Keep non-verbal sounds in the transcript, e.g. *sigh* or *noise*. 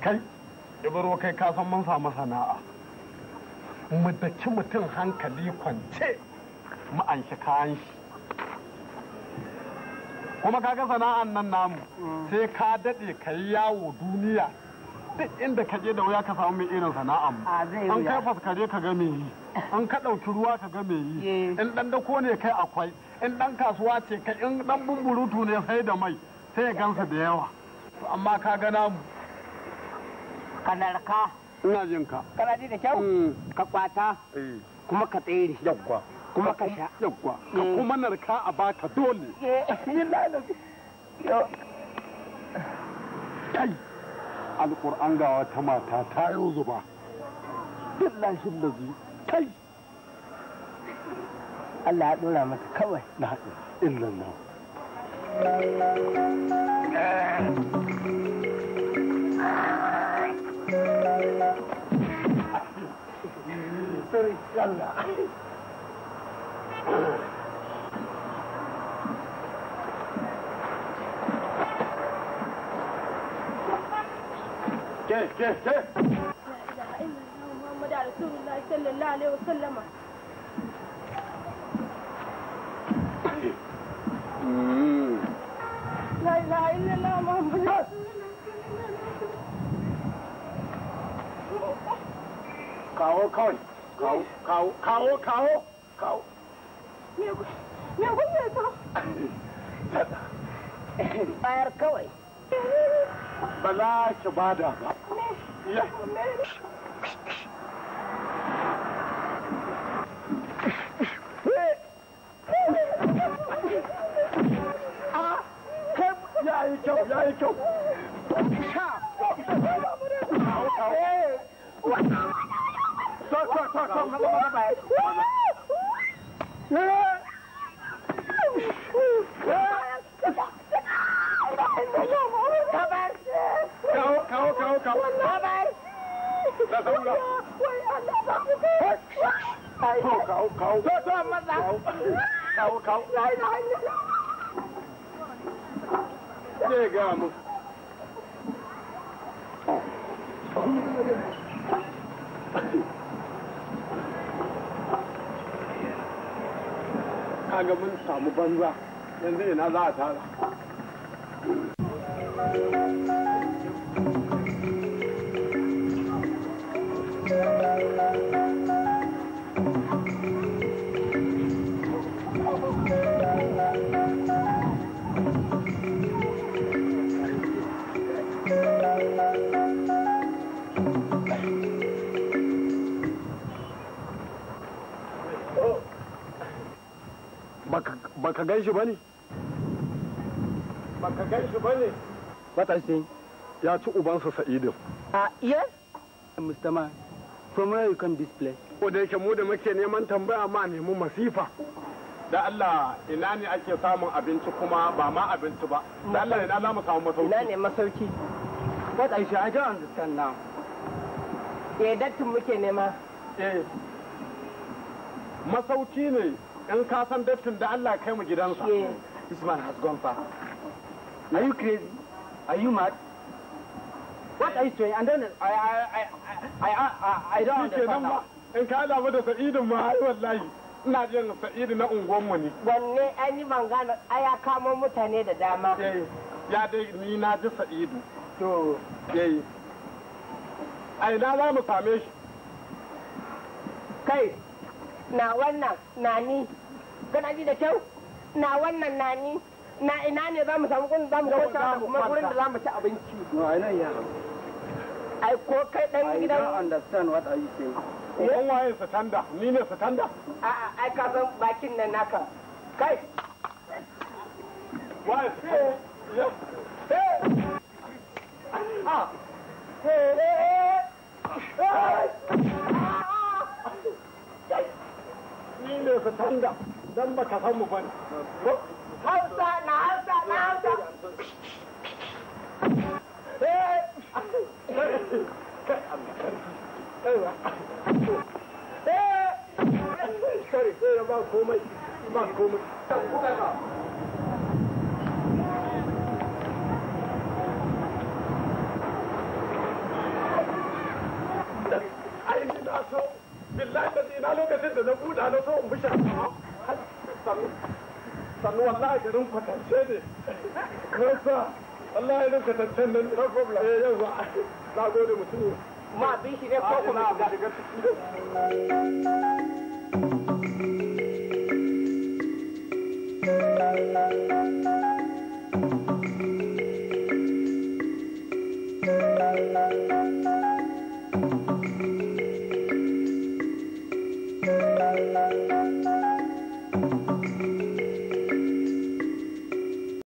kai ibaro kai kasan san mun samu sana'a mu daki mutum hankali kwance mu an shi kayan shi kuma kaga sana'an nan namu mm. sai ka daɗe ka yi yawo duniya duk inda ka je da wuya ka samu mai irin sana'a mu an kai faskare ka ga me yi an *laughs* ka ɗauki ruwa ka ga me yi eh. in ɗan ko ne kai akwai in ɗan kasuwa ce kai in ɗan bumburutu ne sai da mai sai ya gansa da yawa to amma ka ga namu kanarka ina jin ka kana ji da kyau mm. ka kwata eh. kuma ka tsere yawwa kuma ka sha yawwa ka mm. kuma narka a baka dole eh, *laughs* kai alƙur'an ga wata mata ta yi zuba billahi lazi kai Allah ya dora mata kawai na haɗu illallah ke ke ke la ilaha illallah sallallahu kawo kawai kawo kawo kawo bada ya ah, sha eh. Thôi, thôi, thôi, không, không, không, các bạn. Các bạn. Cậu, cậu, cậu, cậu. Các bạn. Là không đâu. Cậu, cậu, cậu. Thôi, thôi, mắt ra. Cậu, cậu. Lại, lại. Chegamos. 你们怎么办的？现在拿啥查？baka ka gan shi ba ne ba ka gan shi ba ne matashi ya ci ubansa sa'idin a ah, yes mr man from where you come this place ko da yake mu da muke neman tambaya ma nemi masifa da Allah ina ne ake samun abinci kuma ba ma abinci ba da Allah ina za mu samu masauki ina ne masauki what I should I don't understand now eh dattin muke nema eh masauki ne in ka san dattin da Allah kai mu gidansa this man has gone far are you crazy are you mad what are you doing and then I I I I I, I don't understand in ka damu da sa'idin ma ai wallahi ina jin sa'idi na mu ne walle an yi mangana aya kamo mutane da dama eh, ya dai ni na ji sa'idu to yayi eh, ai na za mu same shi kai na wannan na ni kana ji da kyau na wannan na ni na ina ne za mu samu kun za mu ga wata kuma gurin da za mu ci abinci no i know yeah ai ko kai dan gidan i don't understand what are you saying Uban eh? waye satanda, ni ne satanda? A'a, ai ka san bakin nan naka. Kai! Waye satanda? Eh. Eh. Ah! Hey! Hey! ne su tanda don ba ka san mu ba hausa na hausa na hausa Sorry, billahi da lokacin da na buɗa na so in sannu wallahi garin kwatance ne kasa wallahi garin kwatance ne no problem eh yau na gode mutum ma ne ko ah, kuma ga